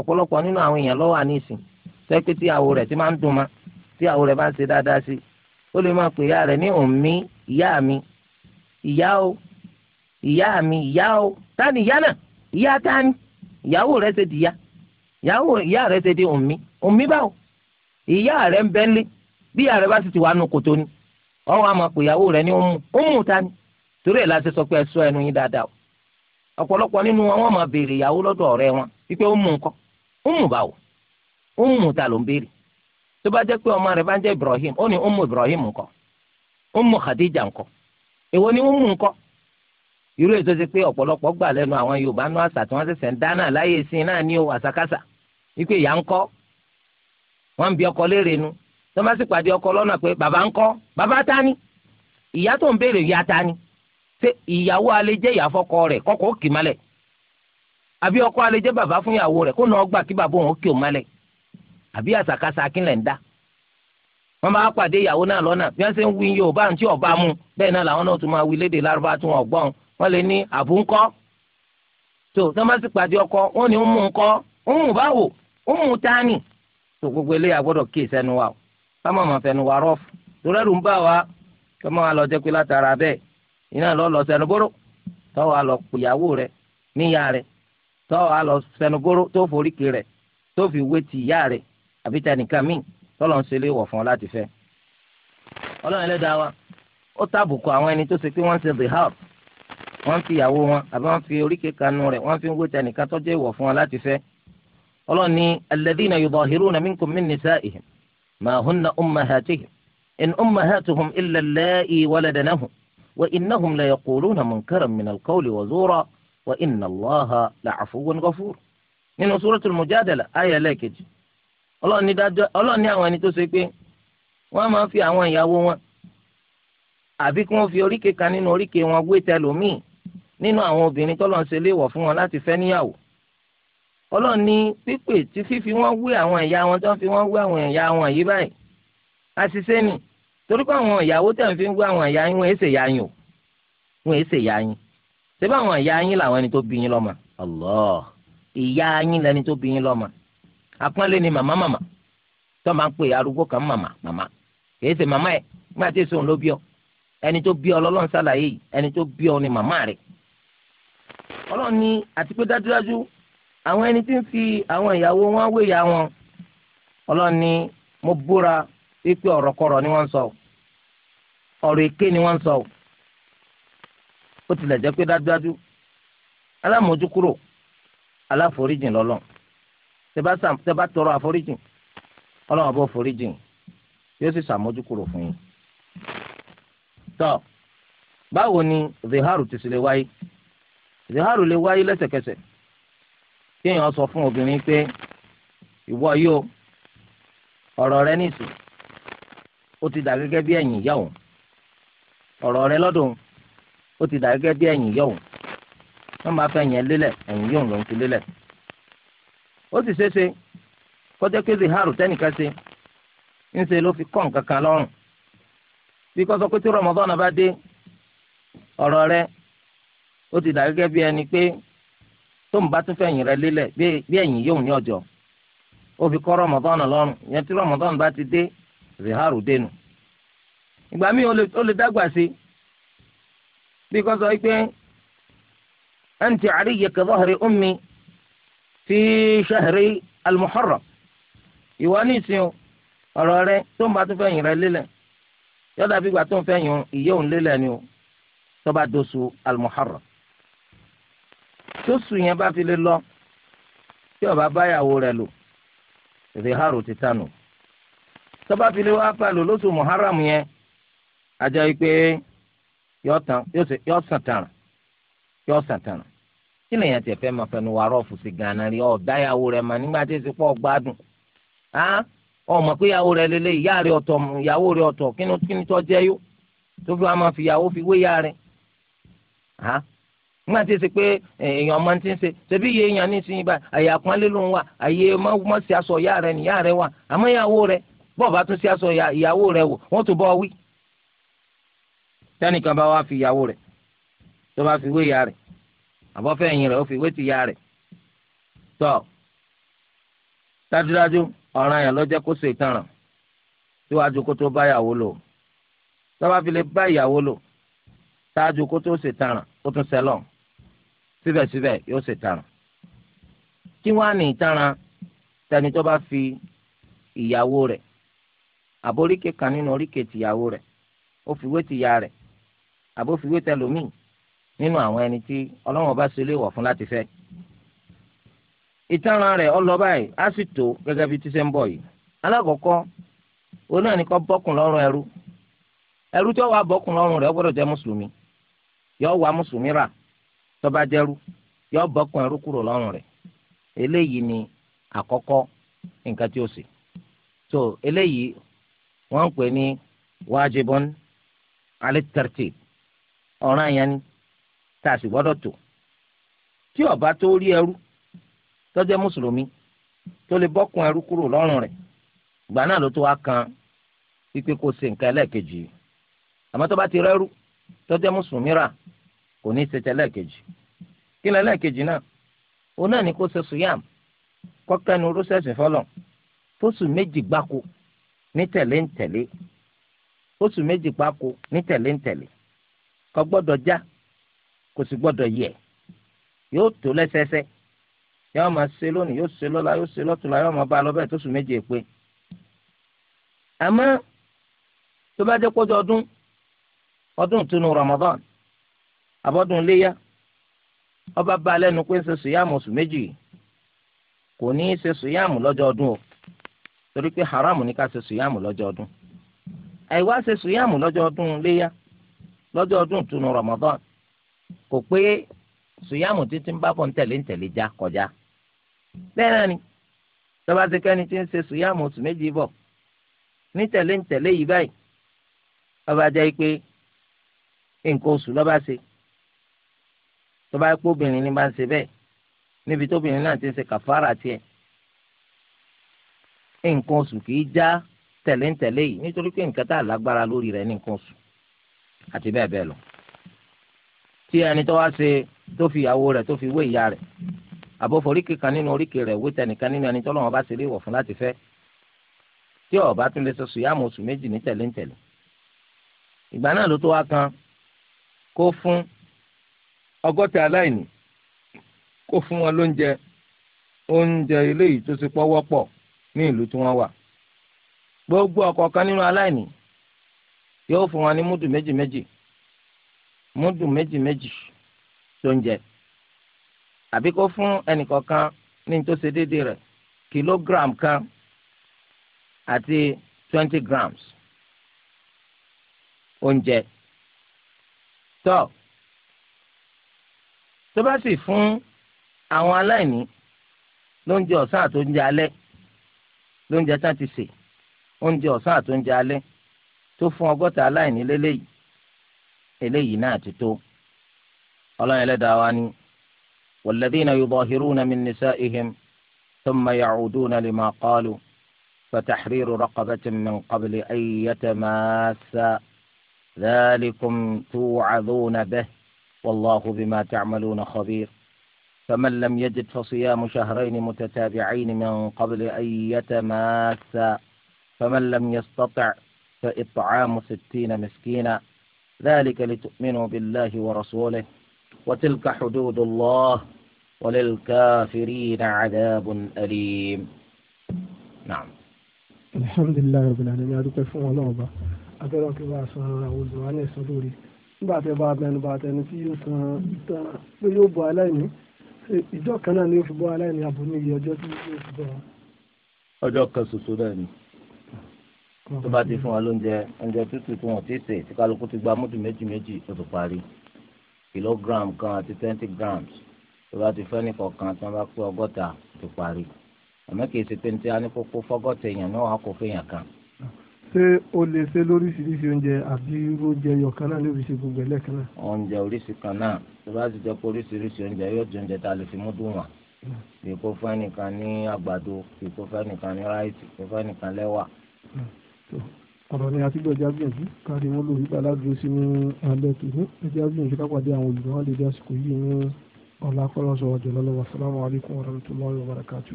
ọ̀pọ̀lọpọ̀ nínú àwọn èèyàn lọ́wọ́ àníìsìn tẹ́ pé tíyàwó rẹ̀ ti máa ń dùn ma tíyàwó rẹ̀ bá ń ṣe dáadáa sí ó lè máa pè ìyá rẹ̀ ní òmí ìyá mi ìyá o ìyá mi ìyá o tani ìyá náà ìyá tani ìyàwó rẹ̀ ṣe di ìyá ìyàwó ìyá rẹ̀ ṣe di òmí òmí báwo ìyá rẹ̀ ń bẹ́ńlé bí ìyá rẹ̀ bá sì ti wà nù kòtò ni ọwọ́ àmọ́ pé ìyàwó rẹ̀ ní òmù tani torí ẹ̀ láti sọ pé ẹ sọ ẹnu yín dáadáa ọ̀pọ̀lọpọ̀ nínú wọn wọ́n máa béèrè ìyàwó lọ́dọ̀ ọ̀rẹ́ wọn wípé ó mú nǹkan Umu báwo ummu ta ló ń béèrè tó bá jẹ́ pé ọmọ rẹ̀ bá ń jẹ́ ibrahim ó ní ummu ibrahim ńkọ́ umu khadija ńkọ́ èwo ni umu ńkọ́ irú ètò ti pé ọ̀pọ̀lọpọ̀ gbà lẹ́nu àwọn yorùbá nú àṣà tí wọ́n ṣẹ̀ṣẹ̀ ń dáná láyé sí náà ní o àṣàkáṣà wípé ìyá ńkọ́ wọ́n ń bi ọkọ léèrè nu tó bá sì pàdé ọkọ lọ́nà pé bàbá ńkọ́ bàbá ta ni ìyá tó ń béèrè ìyá ta ni ṣé ìyàwó alẹ́ jẹ́ ìyá rẹ̀ kọ́kọ́ òkì malẹ̀ àbí ọkọ alẹ jẹ́ bàbá fún ìyàwó rẹ̀ kó nà ọgbà kí bàbá òun kí òun mọ́lẹ̀ àbí àṣàkáṣà akínlẹ̀ ń dá wọ́n máa pàdé ìyàwó náà lọ́nà bí wọ́n ṣe ń wí yorùbá àti ọba mu bẹ́ẹ̀ náà làwọn náà tún máa wí léde lárúbá tí wọ́n gbọ́n wọ́n lè ní àbúńkọ́ tó tí wọ́n sì pàdé ọkọ wọ́n ní ń mú ńkọ́ ń mú báwo ń mú tání tó gbogbo eléyà gbọ́dọ̀ kí ìsẹ́nu wa o káma máa fẹnu wa rọ́ọ̀fù torí ẹ̀rù ń bá wa káma wa lọ jẹ́ pé látara bẹ́ẹ̀ iná lọ lọ sẹ́nu bóró tọ́wọ́ a lọ pìyàwó rẹ̀ níyà rẹ̀ tó a lọ sẹnugóró tó foríkì rẹ̀ tó fi wé ti ìyá rẹ̀ àbí tẹnìkan míì tọ́lọ́ ń ṣe léwọ̀ fún ọ láti fẹ́. ọlọ́run ẹlẹ́dàá wa ó tàbùkù àwọn ẹni tó ṣe pé wọ́n ń ṣe zihab wọ́n fi ìyàwó wọn àbí wọ́n fi oríkèé kanu rẹ̀ wọ́n fi ń wé tẹnìkan tọ́jú ìwọ̀ fún ọ láti fẹ́. ọlọ́run ní alladhina yudahiruna minkum min nisa'ihim ma hunna ummahatihim in ummahatuhum illa allai waladnahum wa inna Allaha la'afuwwun من nínú المجادلة آية لكج الله ọlọ́run ní àwọn ẹni tó ṣe pé wọ́n á máa fi àwọn ìyàwó wọn àbí kí wọ́n fi oríkèé kan nínú oríkèé wọn wé tẹlòmíì nínú àwọn obìnrin tọ́lọ́ ń ṣe léèwọ̀ fún wọn láti fẹ́ níyàwó ọlọ́run ní pípè tí fífi wọ́n wé àwọn ìyá wọn tó ń fi wọ́n wé àwọn ìyá wọn yìí báyìí àṣìṣe ni torí pé àwọn ìyàwó tẹ̀ ń fi wé àwọn ìyá yín wọ́n èsè ìyá yín o wọ́n èsè ìyá yín ṣé báwọn ìyá yín làwọn ẹni tó bí yín lọ́mọ Allah ìyá yín lẹni tó bí yín lọ́mọ àpọ́nlé ni màmá màmá tó máa ń pè arúgbó kan màmá màmá kì í ṣe màmá ẹ̀ nígbà tí èso ń ló bí ọ ẹni tó bí ọ lọ́lọ́run ṣàlàyé yìí ẹni tó bí ọ ni màmá rẹ̀ ọlọ́run ni àti pé dájúdájú àwọn ẹni tí ń fi àwọn ìyàwó wọn wé ìyá wọn ọlọ́run ni mo búra wípé ọ̀rọ̀kọ̀rọ̀ ni wọ́n ń sọ ọ̀rọ̀ èké ni wọ́n ó tilẹ̀ jẹ́ pé dájúdájú alámójúkúrò aláforíjìn lọ́lọ́ tẹ bá tọrọ àforíjìn ọlọ́run àbọ̀ foríjìn yóò sì ṣàmójúkúrò fún yín. tọ́ báwo ni ziharu ti sì lè wáyé ziharu lè wáyé lẹ́sẹ̀kẹsẹ̀ kí èèyàn sọ fún obìnrin pé ìwọ yóò ọ̀rọ̀ rẹ nìsín ó ti dà gẹ́gẹ́ bí ẹ̀yìn ìyá òun ọ̀rọ̀ rẹ lọ́dọ̀ òun ó ti dà gẹ́gẹ́ bí ẹ̀yìn yọ̀hún wọ́n máa fẹ́ yẹn lélẹ̀ ẹ̀yìn yọ̀hún ló ti fi lélẹ̀ ó kọjá ziharu tẹ́nìkan ṣe ń ṣe ló fi kọ́ nǹkan kan lọ́rùn bí kò sọ pé tí rọmọdọ́nà bá dé ọ̀rọ̀ rẹ ó ti dà bí ẹni pé tó ń bá tún fẹ̀yìn rẹ lélẹ̀ bí ẹ̀yìn yóò ní ọjọ́ ó fi kọ́ rọmọdọ́nà lọ́rùn yẹn tí rọmọdọ́nà ti dé ziharu dénú ìgbà míì ó lè bí kò sọ pé anti àríyèké zahri ummi fi shahri al-muharram ìwọ ní ìsìn ọ̀rọ̀ rẹ tó ń bá tún fẹ́ yìn rẹ lélẹ̀ yọ̀dà bí gbà tó ń fẹ́ yìn ìyẹ́ òun lélẹ̀ ni o tó bá doṣù al-muharram tóṣù yẹn bá fi lè lọ tí ó báyàwó rẹ lò ìdíhàrò ti tànù tó fi lè wá fà lò lóṣù muharram yẹn àjọ ìpè. yọ san tàràn yọ sàn tàràn kí lèyàn tiẹ̀ fẹ́ máa fẹnu wàrọ̀ fùsì gànà rí ọ̀dáyàwó rẹ̀ mà nígbà tí èsì pọ̀ gbádùn ọmọ pé ìyàwó rẹ̀ lélẹ̀ ìyá rẹ̀ ọ̀tọ̀ ìyàwó rẹ̀ ọ̀tọ̀ kí ni tó jẹ́ yó tó fi wá máa fi ìyàwó fi wé ìyá rẹ̀ nígbà tí èsì pé èèyàn ọmọ ti ń ṣe ṣebí iye èèyàn ní ìsinyìí báyìí àyè àpọ́nlé ló ń wà àyè aṣọ ìyá wà àmọ́ tẹ́nìkan bá wá fi ìyàwó rẹ̀ tó bá fi wé ìyá rẹ̀ àbọ̀fẹ́ ẹ̀yìn rẹ̀ ó fi wé ti ìyá rẹ̀ tọ́ dájúdájú ọ̀ràn yẹn ló jẹ́ kó ṣe ìtanràn síwájú kó tó bá ìyàwó lò tó bá fi lè bá ìyàwó lò ṣáájú kó tó ṣe ìtanràn ó tún ṣẹlọ̀ síbẹ̀síbẹ̀ yóò ṣe ìtanràn kí wọ́n á ní ìtanràn tẹni tó bá fi ìyàwó rẹ̀ àbóríkè kan nínú oríkè tìyàwó rẹ̀ ó fi wé tìyá rẹ̀ àbófiwé tẹlómìn nínú àwọn ẹni tí ọlọ́run ọba ṣe léwọ̀ fún láti fẹ́. ìtanràn rẹ̀ ọlọ báyìí á sì tó gẹ́gẹ́ bí tíṣẹ́ ń bọ̀ yìí. alákọ̀ọ́kọ́ òun náà ní kó bọ́kùn lọ́rùn ẹrú ẹrú tí ó wà bọ́kùn lọ́rùn rẹ̀ gbọ́dọ̀ jẹ́ mùsùlùmí yọ wà mùsùlùmí rà tó bá jẹ́rú yọ bọ́kùn ẹrú kúrò lọ́rùn rẹ̀ eléyìí ni àkọ́kọ́ nǹkan tí ó ṣe. eléyìí wọ́n ń pè ní wájibọ́n alẹ́ tẹ́rtìtì ọ̀ràn yẹn ni tá a sì gbọ́dọ̀ tó tí ọba tó rí ẹrú tó jẹ́ mùsùlùmí tó lè bọ́kùn ẹrú kúrò lọ́rùn rẹ̀ ìgbà náà ló tó wá kan pípé kó ṣe nǹkan ẹlẹ́ẹ̀kejì àmọ́ tó bá ti rẹ́rú tó jẹ́ mùsùlùmí rà kò ní í ṣe tẹ́lẹ̀kejì kí ni ẹlẹ́ẹ̀kejì náà òun náà ni kó ṣe sùyàm kọ́kẹ́nu rọ́ṣẹ̀sì fọlọ̀ fóṣù méjì gbáko ní tẹ̀léńtẹ̀lé fóṣù méjì gbáko ní tẹ̀léńtẹ̀lé kò gbọ́dọ̀ já kò sì gbọ́dọ̀ yẹ̀ yóò tó lẹ́sẹẹsẹ yóò máa ṣe lónìí yóò ṣe lọ́la yóò ṣe lọ́tùlá yóò máa bá a lọ bẹ́ẹ̀ tó sùn méje pé àmọ́ tó bá dé kójú ọdún ọdún ìtúnu Ramadan abọ́dún léyà ọba bá a lẹ́nu pé ń ṣe sùyàmù oṣù méjì kò ní í ṣe sùyàmù lọ́jọ́ ọdún o torí pé haram ní ká ṣe sùyàmù lọ́jọ́ ọdún àìwá ṣe sùyàmù lọ́jọ́ ọdún léyà lọ́jọ́ ọdún ìtúnu Ramadan kò pé sùyàmù títí ń bá bọ̀ ń tẹ̀lé ń tẹ̀lé já kọjá bẹ́ẹ̀ náà ni tọ́ba ti kẹ́ni tí ń ṣe sùyàmù oṣù méjì bọ̀ ní tẹ̀lé ń tẹ̀lé yìí báyìí ọba jẹ́ pé nǹkan oṣù lọ́ba ṣe tọ́ba pé obìnrin ni bá ń ṣe bẹ́ẹ̀ níbi tóbìnrin náà ti ń ṣe kàfàrà tiẹ̀ nǹkan oṣù kì í já tẹ̀lé ń yìí nítorí pé nǹkan tá a lágbára lórí rẹ̀ nǹkan oṣù àti bẹ́ẹ̀ bẹ́ẹ̀ lọ. tí ẹni tó wá ṣe tó fi ìyàwó rẹ̀ tó fi wé ìyá rẹ̀ àbófo oríkè kan nínú oríkè rẹ̀ wé tẹnìkan nínú ẹni tọ́lọ́wọ́n bá ṣe lé wọ̀ fún láti fẹ́ tí ó bá tún lè sọ sùyàmù oṣù méjì ní tẹ̀léńtẹ̀lé ìgbà náà ló tó wá kan kó fún ọgọ́ta aláìní kó fún wọn lóúnjẹ oúnjẹ eléyìí tó ṣe pọ́wọ́pọ̀ ní ìlú tí wọ́n wà gbogbo ọ̀kọ̀ọ̀kan nínú aláìní yóò fún wa ní múdù méjì méjì múdù méjì méjì tó ń jẹ àbí kó fún ẹnìkọ̀ọ̀kan ní tó ṣe déédéé rẹ̀ kìlógíráàmù kan àti twenty grams oúnjẹ tó tó bá sì fún àwọn aláìní lóúnjẹ ọ̀sán àti oúnjẹ alẹ́ lóúnjẹ tá ti sè oúnjẹ ọ̀sán àti alẹ́ tó fún ọgọ́ta aláìní lélẹ́yìí eléyìí náà ti tó ọlọ́run ẹlẹ́dàá wa ni والذين يظاهرون من نسائهم ثم يعودون لما قالوا فتحرير رقبة من قبل أن يتماسا ذلكم توعظون به والله بما تعملون خبير فمن لم يجد فصيام شهرين متتابعين من قبل أن يتماسا فمن لم يستطع فإطعام ستين مسكينا ذلك لتؤمنوا بالله ورسوله وتلك حدود الله وللكافرين عذاب أليم نعم الحمد لله رب العالمين هذا كيف هو نوبة أدرك الله سبحانه وتعالى وزواني صدوري بعد بعد من بعد أن في يوسف عليني إذا كان يوبوا عليني أبني يجب أن يوبوا tó bá ti fún wa lóúnjẹ oúnjẹ tútù tí wọn ti sè tí kálukú ti gba mútu méjì méjì tó ti parí kìlógíráàmù kan àti twenty grams tó bá ti fẹ́ nìkọ̀ọ̀kan tí wọ́n bá pé ọgọ́ta ti parí àmọ́ kì í ṣe pé ní tí a ní kókó fọ́gọ́ta èèyàn náà wàá kó fèèyàn kan. ṣé o lè ṣe lóríṣiríṣi oúnjẹ àbí oúnjẹ yọ̀kan náà lórí ṣe gbogbo ẹlẹ́kan náà. oúnjẹ oríṣi kan náà tó bá ti jẹ́ pé oríṣiríṣi oúnjẹ yóò jẹ oúnjẹ tá a lè fi mú dùn wọ́n kì í kó fẹ́nìkan ní àgbàdo kì í kó fẹ́nìkan ní ráìsì kì í kó fẹ́nìkan lẹ́wà ọ̀rọ̀ ni àti gbọ́dọ̀ jágbìyànjú káàdì wọn lórí gbà ládùúgbò sí ní alẹ́ tòní ẹjẹ́ àgbìyànjú kápàdé àwọn olùdó wọn lè dé àsìkò yìí ní ọ̀làkọ́lọ́sọ̀ ọ̀jọ̀lọ́lọ́wọ́ assalamu alaikum warahmatullahi wabarakatuh